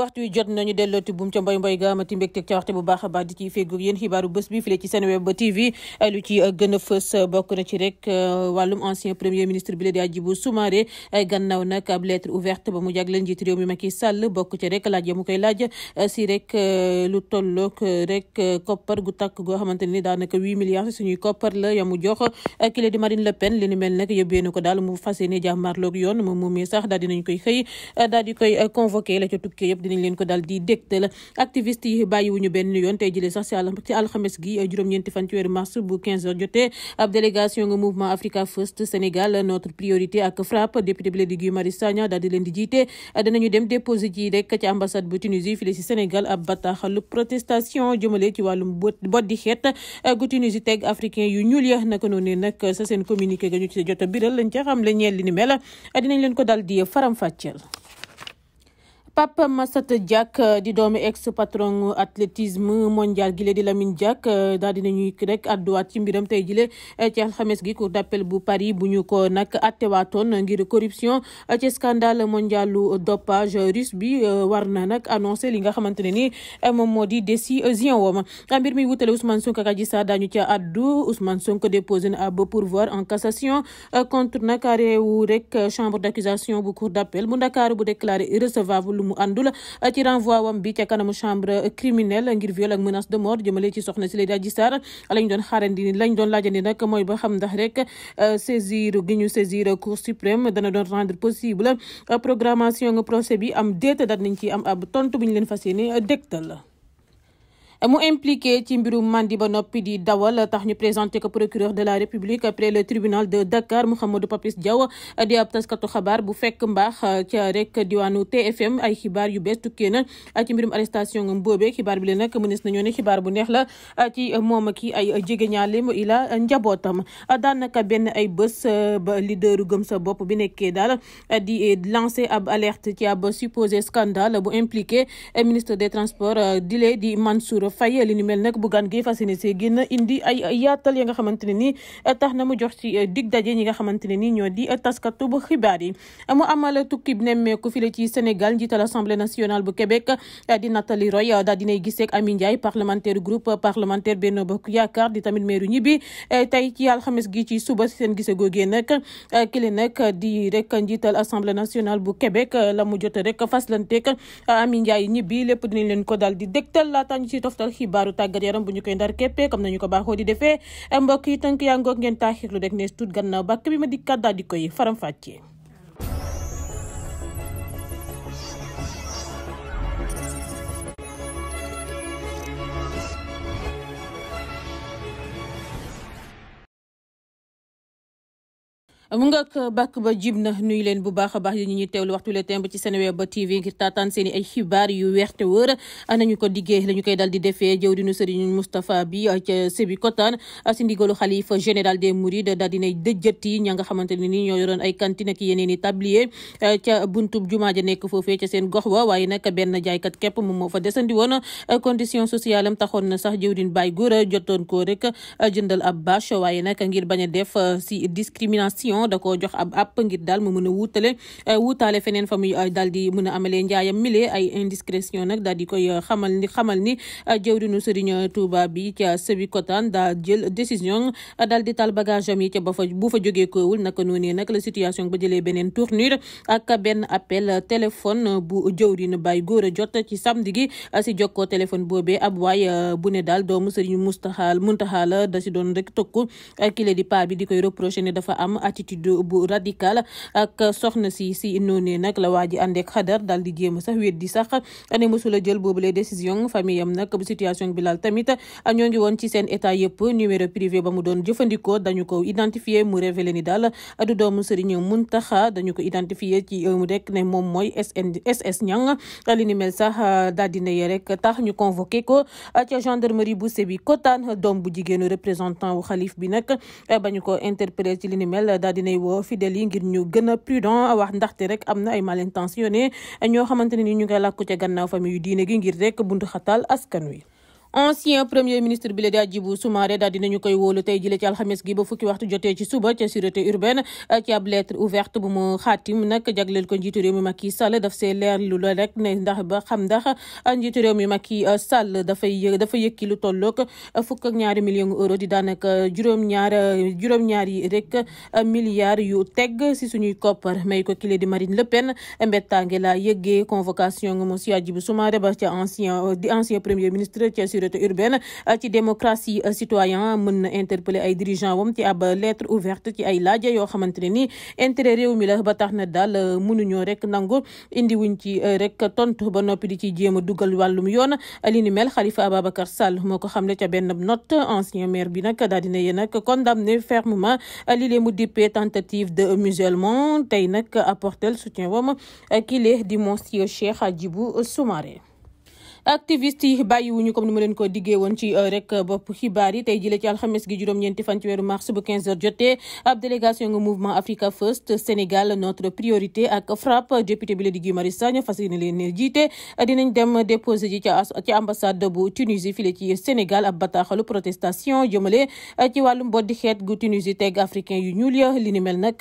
waxtu wi jot nañu dellooti buum ca mboy mboy gaamati mbégteeg ca waxte bu baax a baax di ci feggoog yéen xibaaru bés bi file ci Senweb TV lu ci gën a fës bokk na ci rek euh, ba mu jagleel njiit réew mi Macky Sall bokk ci rek laaj ya mu koy laaj euh, si rek euh, lu tolloog rek koppar gu tàkk goo xamante ne daanaka huit milliards suñuy koppar la ya mu jox ki la di Marine Le Pen li ni mel nag yóbbee ko daal mu fas yéene jàmmarloog yoon moom moomii sax daal dinañ koy xëy daal di koy convoqué la ca tukkee yëpp dinañ leen ko dal di dégtal activiste yi bàyyiwuñu benn yoon tey jëlee sax ci alxames gi juróom-ñeenti fan ci weeru mars bu 15 heures jotee ab délégation nga mouvement Africa First Sénégal notre priorité ak FRAPP député bi la di Guy Marius Sagna daal di leen di jiite danañu dem déposé ji rek ci ambassade bu Tunisie fii ci Sénégal ab bataaxalu protestation jëmale ci wàllum boddi xeet gu Tunisie teg africain yu ñuul ya naka noonu nag sa seen communiqué ga ñu ci jot a biral lañ ca xam leen ko dal di faram Pape Massata Diack eh, di doom ex patron athlétisme mondial gile di Lamine Diack eh, daal dina ñuy rek àdduwaat ci mbiram tey jile eh, ci alxames gi cour d'appel bu Paris bu ñu ko nag attewaatoon ngir corruption ci scandale mondialu dopage russe bi war na nag annoncé li nga xamante ne ni moom moo di décision woom ah, mbir mi wutale Ousmane Sonko ak Adji Sarr dañu ca addu Ousmane Sonko déposé na ab pourvoi en cassation contre nag réewu rek chambre d'accusation bu cour mu àndul euh, ci renvoi wam bi ca kanamu chambre criminelle ngir viol ak menace de mort jëmale ci soxna si Adji Sarr lañ doon xaarandi lañ doon laajandi nag mooy ba xam ndax rek euh, saisir gi ñu saisir cour suprême dana doon rendre possible euh, programmation procès bi am déet daal nañ ci am ab tontu bu ñu leen fas yéene dégtal mu impliqué ci mbirum mandi ba noppi di dawal tax ñu présenté ko procureur de la république après le tribunal de Dakar Mouhamadou Papis Diaw di ab taskatu xabaar bu fekk mbaax ca rek diwaanu TFM ay xibaar yu bees tukkee na ci mbirum arrestation boobee xibaar bi la nag mënees nañoo ne xibaar bu neex la ci moom ak ay jegeñaaleem ila njabootam daanaka benn ay bës ba leaderu gëm sa bopp bi nekkee daal di lancer ab alerte ci ab supposé scandale bu impliqué ministre des transports dile di Mansour Faye li ni mel nag Bougane Gueye fas yéene see génn indi ay yaatal ya nga xamante ne nii tax na mu jox ci eh, dig daje ñi nga xamante ne nii ñoo di eh, taskatu bu xibaar yi mu amal tukki nemmeeku fii la ci Sénégal njiital Assemblée nationale bu Québec eh, di Nathalie Roy daal dinay gisee ak Ami Ndiaye parlementaire groupe parlementaire Benno Bokk Yaakaar di tamit meeru ñibbi tey ci alxames gi ci suba seen gise googee nag kile nag di rek njiital Assemblée nationale bu Québec la mu jot rek faslanteeg Ami Ndiaye ñibbi lépp dinañ leen ko daal di dégtal laata ñu ci tof toftal xibaaru tàggat yaram bu ñu koy ndar képpee comme nañu ko baaxoo di defee mbokk yi tënk yaa ngoog ngeen taaxirlu rek ne tuut gannaaw bàkk bi ma dikkaat daal di koy faram-fàccee mu nga bàkk ba jib na nuyu leen bu baax a baax yi ñu ñuy teewlu waxtu le temb ci Seneweb ba TV ngir taataan seen i ay xibaar yu weex te wër nañu ko diggee la ñu koy dal di defee jëwriñu Serigne Moustapha bi ca Sébikotane si ndigalu xalifa général des Mourides daal dinay dëjjati ña nga xamante ne ni ñoo yoroon ay cantine ak yeneen i ca buntub jumaa ja nekk foofee ca seen gox wa waaye nag benn jaaykat képp moom moo fa desandi woon condition sociale am taxoon na sax jëwriñ Baye Gora jotoon ko rek jëndal ab bâche waaye nag ngir bañ a def si discrimination millions da koo jox ab app ngir daal mu mën a wuutale eh, wuutaale feneen fa eh, a amalee njaayam mile ay indiscrétion nag daal di koy eh, xamal ni xamal ni jëwrinu Serigne Touba bi ca Sébikotane daa jël décision daal di taal bagage am yi ca ba fa bu fa jógee koowul naka noonee nag la situation ba jëlee beneen tournure ak benn appel téléphone bu jëwrin Baye Gora jot ci samedi gi si jokkoo téléphone boobee ab waay bu ne daal doomu Serigne Mountakha Mountakha da si doon rek tokku kile di paa di koy reproché ne dafa am attitude attitude bu radical ak soxna si si noonee nag la waa ji ànd ak xadar daal di jéem sax weddi sax ne mosula jël boobu les décision famille am nag bu situation bi laal tamit ñoo ngi woon ci seen état yëpp numéro privé ba mu doon jëfandikoo dañu ko identifié ci rek ne moom mooy SS Niang li ni sax daal di ne rek tax ñu convoqué ko ca gendarmerie bu Sébikotane doom bu jigéenu représentant wu xalif bi nag ba ko interpellé ci li daal dinay woo fidèles yi ngir ñu gën a prudent wax ndaxte rek am na ay malintentionné ñoo xamante ne ni ñu ngi làkku ce gannaaw famille yu diine gi ngir rek buntu xatal askan wi ancien premier ministre bi la di Hadjibou Soumaré daal dinañu koy wóolu tey jële ci alxames gi ba fukki waxtu jotee ci suba ca sûreté urbaine ci ab lettre ouverte bu mu xaatim nag jagleel ko njiitu réew mi Macky Sall daf see leerlu la rek ne ndax ba xam ndax njiitu réew mi Macky Sall dafay dafa yëkki lu tolloog fukk ak ñaari million euro di daanaka juróom-ñaar juróom-ñaari rek milliards yu teg si suñuy koppar may ko kile di Marine Le Pen mbettaange la yëggee convocation nga monsieur Hadjibou Soumaré ba ca ancien sécurité urbaine euh, ci démocratie euh, citoyen mën na interpeller ay dirigeant wam ci ab lettre ouverte ci ay laaj yoo xamante ne ni intérêt réew mi la ba tax na daal euh, mënuñoo rek nangu indiwuñ ci rek tontu ba noppi di ci jéem a dugal wàllum yoon li ni mel Khalifa Ababacar Sall moo ko xamle ca benn note ancien maire bi nag daal dina yéen nag condamné fermement li lee mu dippee tentative de musulman tey nag apporter soutien wam kii lee di monsieur Cheikh Hadjibou Soumaré activiste yi bàyyiwuñu comme ni ma leen ko diggee woon ci euh, rek euh, bopp xibaar yi tey jile ci alxames gi juróom-ñeenti fan ci weeru mars bu 15 heures jotee ab délégation nga mouvement Africa First Sénégal notre priorité ak FRAPP député bi la di Guy Marius Sagna fas yéene leen jiite dinañ dem déposé ji ci ambassade bu Tunisie file ci Sénégal ab bataaxalu protestation jëmale euh, ci wàllum boddi xeet gu Tunisie teg africain yu ñuul ya li ni mel nag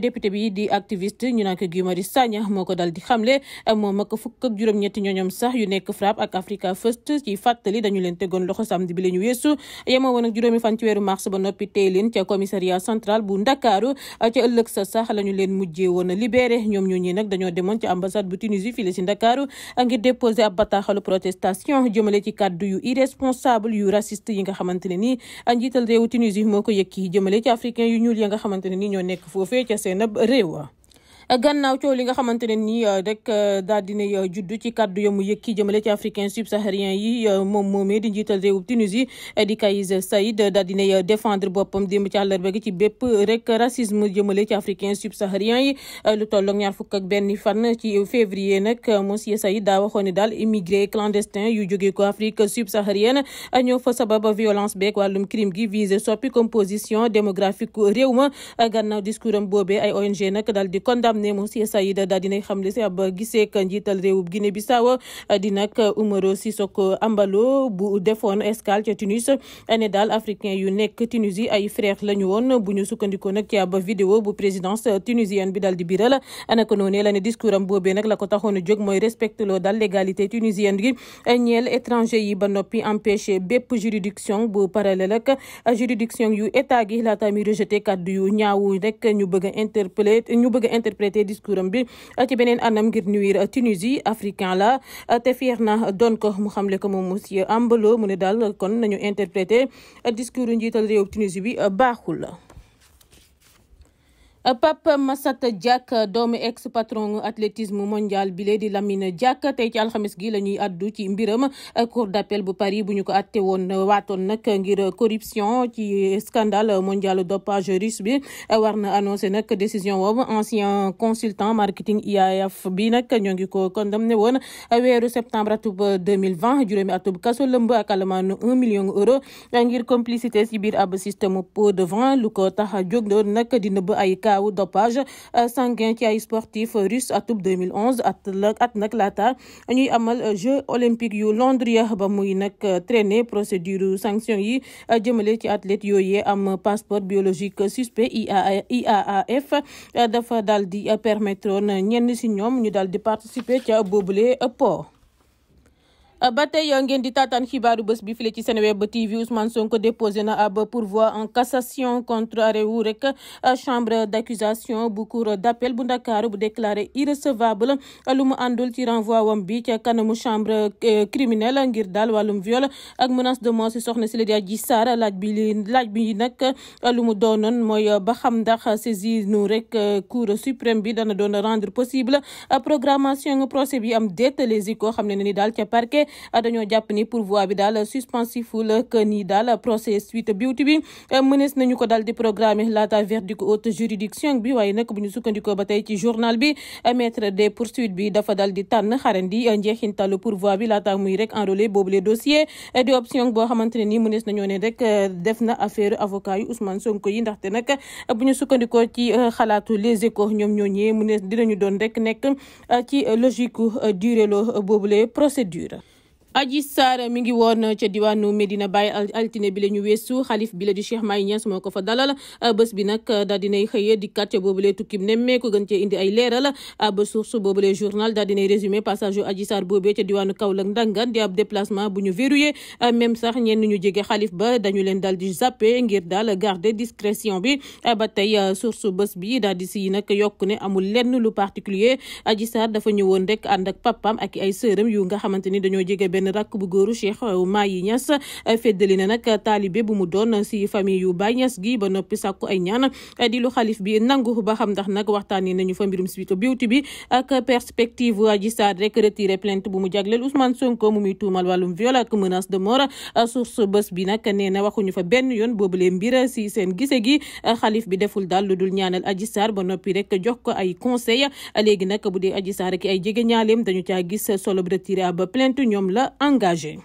député bi di activiste ñu naan ko Guy moo ko dal di xamle moom ak fukk ak juróom ñooñom sax yu nekk FRAPP ak Africa First ci fàttali dañu leen tegoon loxo samedi bi la ñu weesu yemoo ak juróomi fan ci weeru mars ba noppi tey leen ca commissariat central bu Ndakaaru ca ëllëg sa sax la ñu leen mujjee woon a libéré ñoom ñoo ñi nag dañoo demoon ci ambassade bu Tunisie fii la si Ndakaaru ngir déposer ab bataaxalu protestation jëmale ci kàddu yu irresponsable yu raciste yi nga xamante ne nii njiital réewu Tunisie moo ko yëkki jëmale ci africain yu ñuul ya nga xamante ne nii ñoo nekk foofee ca seen ab réew gannaaw coow li nga xamante ne nii euh, rek euh, daal dina euh, juddu ci kàddu ya mu yëkki jëmale ci africain subsaharien yi moom moomee di njiital réewum Tunisie di Kais Saïed daal dina défendre boppam démb ci àllarba gi ci bépp rek racisme jëmale ci africain subsaharien yi lu tolloog ñaar fukk ak benn fan ci février nag monsieur Saïed daa waxoon ne daal immigré clandestin yu jógee ko Afrique subsaharienne ñoo fa sabab violence beeg wàllum crime gi visé soppi composition réew ma gannaaw discours am boobee nag ne monsieur Saïda daal dinay xamle si ab giseek njiital réewub Guinée Bissau di nag Umaro Sissoko Ambalo bu defoon escale ca Tunis ne daal africain yu nekk Tunisie ay frère lañu woon bu ñu sukkandikoo nag ci ab vidéo bu présidence tunisienne bi daal di biral naka noonee a ne discours am boobee nag la ko taxoon a jóg mooy respecté loo daal légalité tunisienne gi ñeel étranger yi ba noppi empêché bépp juridiction bu parallèle a interpellé a interprété discours am bi euh, ci beneen anam ngir nuyu euh, Tunisie africain la euh, te fier na doon ko mu xam le ko moom monsieur Ambalo mu ne daal kon nañu interprété discours njiital réew Tunisie bi baaxul. Pape Massata Diack doomu ex patron athlétisme mondial bile di Lamine Diack tey ci alxames gi la ñuy addu ci mbiram cour d'appel bu Paris bu ñu ko atte woon waatoon nag ngir corruption ci scandale mondial dopage russe bi war na annoncé nag décision boobu ancien consultant marketing IAAF bi nag ñoo ngi ko condamné woon weeru septembre atub 2020 juróomi atub kaso lëmb ak alamaan un million euro ngir complicité ci biir ab système pot de vin lu ko tax jog jóg doon nag di ay cas wu dopage euh, sanguin ci ay sportif russe atub 2011 at la at nag laata ñuy amal euh, jeux olympiques yu Londres ba muy nag euh, traîner procédure sanction yi jëmale ci athlète yooyee am passeport biologique suspect IAAF dafa daal di permettre ñenn si ñoom ñu daal di participer ca boobule po ba tey ngeen di tatan xibaaru bés bi file ci Seneweb TV Ousmane Sonko déposé na ab pourvoi en cassation contre arrêt wu rek chambre d'accusation bu cour d'appel bu Ndakaaru bu déclaré irrecevable lu mu àndul ci renvoi wam bi ca kanamu chambre euh, criminelle ngir daal wàllum viol ak menace de mort si soxna si la di Adji Sarr laaj bi li laaj bi nag lu mu doonoon ba xam ndax saisir nu rek euh, cour suprême bi dana doon rendre possible programmation procès bi am déet koo xam ne ni daal ca Euh, dañoo jàpp ni pourvoi bi daal suspensiful la ni daal procès suite beauty bi euh, mënees nañu ko daal di programmer laata verdict haute juridiction bi waaye nag bu ñu sukkandikoo ba tey ci journal bi euh, maître des poursuites bi dafa dal di tànn xarandi njeexintalu pourvoi bi laata muy rek enrôler boobu les dossiers di option boo xamante ne nii mënees nañoo ne rek def na affaire avocat yu Ousmane Sonko yi ndaxte nag bu ñu sukkandikoo ci xalaatu les échos ñoom ñooñee mënees dinañu doon rek nekk ci logique durée loo boobule procédure Adji Sarr mi ngi woon ca diwaanu Medina Baye altine bi la ñu xalif bi la di Cheikh Mahi Niass moo ko fa dalal euh, bés bi nag euh, daal dinay xëyee di quartier boobule tukkim nemmeeku gën cee indi ay leeral euh, ba source boobule journal daal dinay ñu verrouillé même sax ñenn ñu jege xalif ba dañu leen daal di zappé ngir daal garder discrétion bi ba tey source bés bi daal di si nag yokk ne amul lenn lu particulier Adji Sarr dafa ñëwoon rek ànd ak papam ak ay sëram yu nga xamante ni dañoo jege benn benn rakk bu góoru Cheikh Mahi Niass a na nag taalibe bu mu doon si famille yu Baye Niass gi ba noppi sàkku ay ñaan di lu xalif bi nangu ba xam ndax bu mu jagleel Ousmane Sonko mu muy tuumal wàllum viol ak menace de mort source bés waxuñu fa benn yoon boobule mbir si seen gise gi xalif bi deful daal lu dul ñaanal Adji Sarr ba noppi rek jox ko ay conseil léegi nag bu dee Adji Sarr ki ay jege ñaaleem dañu caa gis solo retiré ab plainte ñoom la engagé.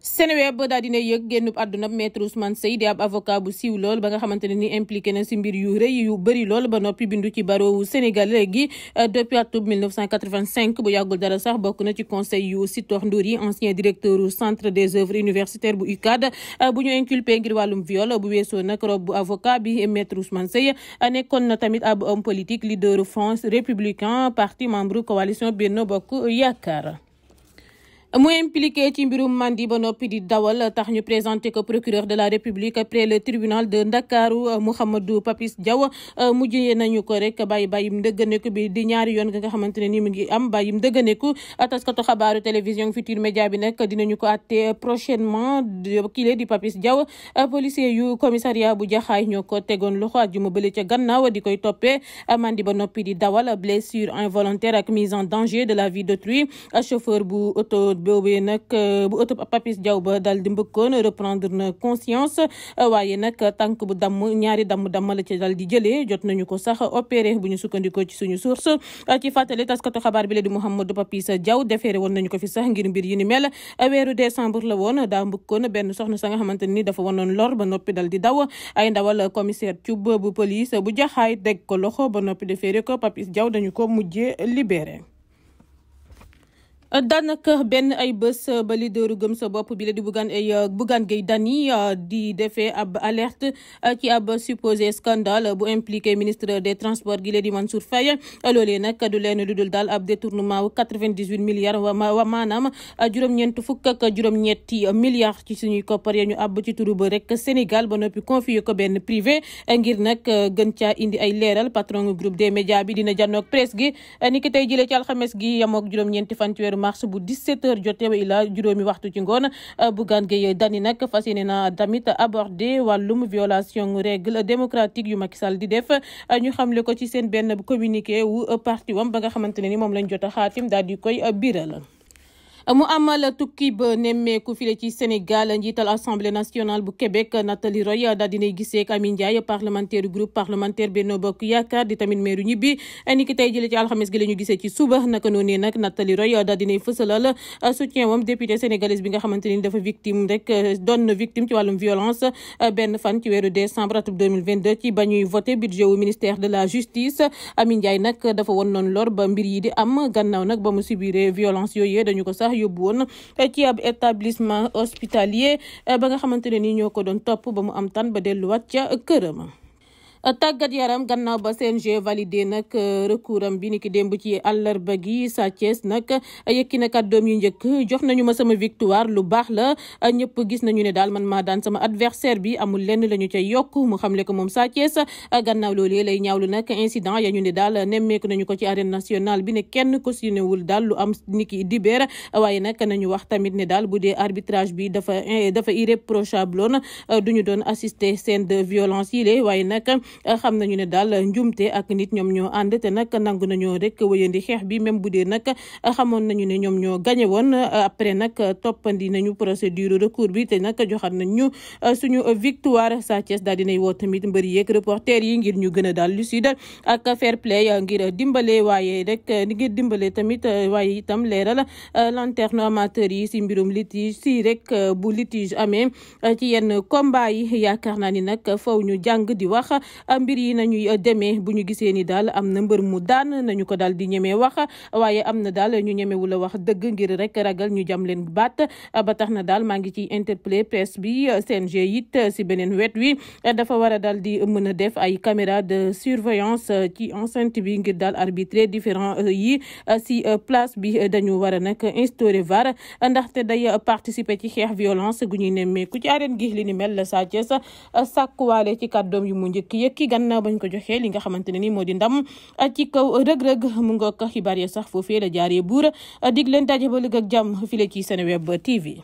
Seneweb daal dina yëg génnub àdduna maître Ousmane Seye di ab avocat bu siiw lool ba nga xamante ne ni impliqué na si mbir yu rëy yu bëri lool ba noppi bindu ci barreau Sénégal léegi euh, depuis atum 1985 bu yàggul dara sax bokk na ci conseil yu Sitor Ndour yi ancien directeur du centre des œuvres universitaires bu UCAD euh, bu ñu inculpé ngir wàllum viol bu weesoo nag rob bu avocat bi maître Ousmane Seye euh, nekkoon na tamit ab homme politique leader France républicain parti membre coalition Benno Bokk Yaakaar mu impliqué ci mbirum mandi ba noppi di dawal tax ñu présenté ko procureur de la république après le tribunal de Ndakaaru Mouhamadou Papis Diaw mujjee nañu ko rek bay bàyyi bàyyim dëgganeku bi di ñaari yoon nga xamante ne ni mu ngi am bàyyim dëgganeku taskatu xabaaru télévision Futurs Médias bi nag dinañu ko àtte prochainement kile di Papis Diaw policier yu commissariat bu jaxaay ñoo ko tegoon loxo ak ju mu bële ca gannaaw di koy toppee mandi ba noppi di dawal blessure involontaire ak mise en danger de la vie d'autrui boobee nag euh, bu ëttu Papis jaw ba dal di mbëkkoon reprendre na conscience euh, waaye nag tànk bu damm ñaari damm damm la ci dal di jëlee jot nañu ko sax opéré bu ñu sukkandikoo ci suñu source euh, ci fàttali taskatu xabaar bi la di Mouhamadou Papis Diaw defeere won nañu ko fi sax ngir mbir yi ni mel weeru décembre la woon daa mbëkkoon benn soxna sa nga xamante ni dafa wanoon lor ba noppi dal di daw ay ndawal commissaire Thioub bu police bu jaxaay dégg ko loxo ba noppi defeere ko Papis Diaw dañu ko mujjee libéré daanaka benn ay bés euh, ba leaderu gëm sa bopp bi la di Bougane euh, Bougane Gueye Dany euh, di defee ab alerte ci ab supposé scandale bu impliqué ministre des transports gi la di Mansour Faye loolee nag du leen lu dul daal ab détournement wu 98 milliards wa maanaam juróom-ñeent fukk ak juróom-ñetti milliards ci suñuy koppar ya ñu àbb ci turu ba rek Sénégal ba noppi confié ko benn privé ngir nag gën ca indi ay leeral patron groupe des médias bi dina janook presse gi ni ki tey mars bu 17h jotee ila juróomi waxtu ci ngoon euh, Bougane Gueye Dany nag fas yéene na tamit aborder wàllum violation règle démocratique yu Macky Sall di def euh, ñu xamle ko ci seen benn communiqué wu euh, parti wam ba nga xamante ne ni moom lañ jot a xaatim daal di koy biral mu amal tukki ba nemmeeku file ci Sénégal njiital assemblée nationale bu Québec Nathalie Roy daal dinay gisee ak Amin parlementaire groupe parlementaire Benno Bokk Yaakaar di tamit maire ñibbi ni ki tey jële ci alxames gi la ñu ci suba naka noonu nag Nathalie Roy daal dinay fësalal soutien wam député sénégalaise bi nga xamante dafa victime rek doon victime ci wàllum violence benn fan ci weeru décembre atum ci ba ñuy voté budget wu ministère sax yóbbu woon eh, ci ab établissement hospitalier eh, ba nga xamante ne ni ñoo ko doon topp ba mu am tan ba delluwaat ca këram. tàggat yaram gannaaw ba CNG validé nag euh, recours am bi ni ki démb ci àllarba gi Sa Thiès nag yëkki na kàddoom yu njëkk jox nañu ma sama victoire lu baax la ñëpp gis nañu ne daal man maa daan sama adversaire bi amul lenn lañu ñu yokk mu xamle ko moom Sa Thiès gannaaw loolee lay ñaawlu nag incident ya ñu ne daal nemmeeku nañu ko ci arène nationale bi ne kenn ko sinéwul daal lu am niki dibeer waaye nag nañu wax tamit ne daal bu dee arbitrage bi dafa eh, dafa irréprochable woon euh, du ñu doon assister scène de violence yi waaye nag Eh, xam nañu ne daal njumte ak nit ñoom ñoo ànd te nag nangu nañoo rek wéyandi xeex bi même bu dee nag xamoon nañu ne ñoom ñoo gañe woon eh, après nag toppandi nañu procédure recours bi te nag joxaat nañu eh, suñu victoire Sa Thiès daal dinay woo tamit mbër yeeg reporter yi ngir ñu gën a daal lucide ak fair play ngir dimbale waaye rek ni ngir dimbale tamit waaye itam leeral lanterne amateur yi si mbirum litige si rek bu litige amee ci yenn combat yi yaakaar naa ni nag faw ñu jàng di Ah, mbir yi nañuy ah, demee bu ñu gisee ni daal am na mbër mu daan nañu ko daal di ñemee wax waaye am na daal ñu ñemewul a wax dëgg ngir rek ragal ñu jam leen baat ah, ba tax na daal maa ngi ciy interpellé presse bi CNG it si beneen wet wi dafa war a daal di mën a def ay caméra de surveillance ci enceinte bi ngir dal arbitrer différent yi si place bi dañu war a nag instauré VAR ndaxte day participer ci xeex violence gu ñuy nemmeeku ci arène gi li ni mel la Sa wekki gannaaw bañ ko joxee li nga xamante ne ni moo di ndam ci kaw rëg-rëg mu ngoog xibaar ya sax foofee la jaaree buur dig leen daje ba ëllëg ak jàmm file ci Seneweb TV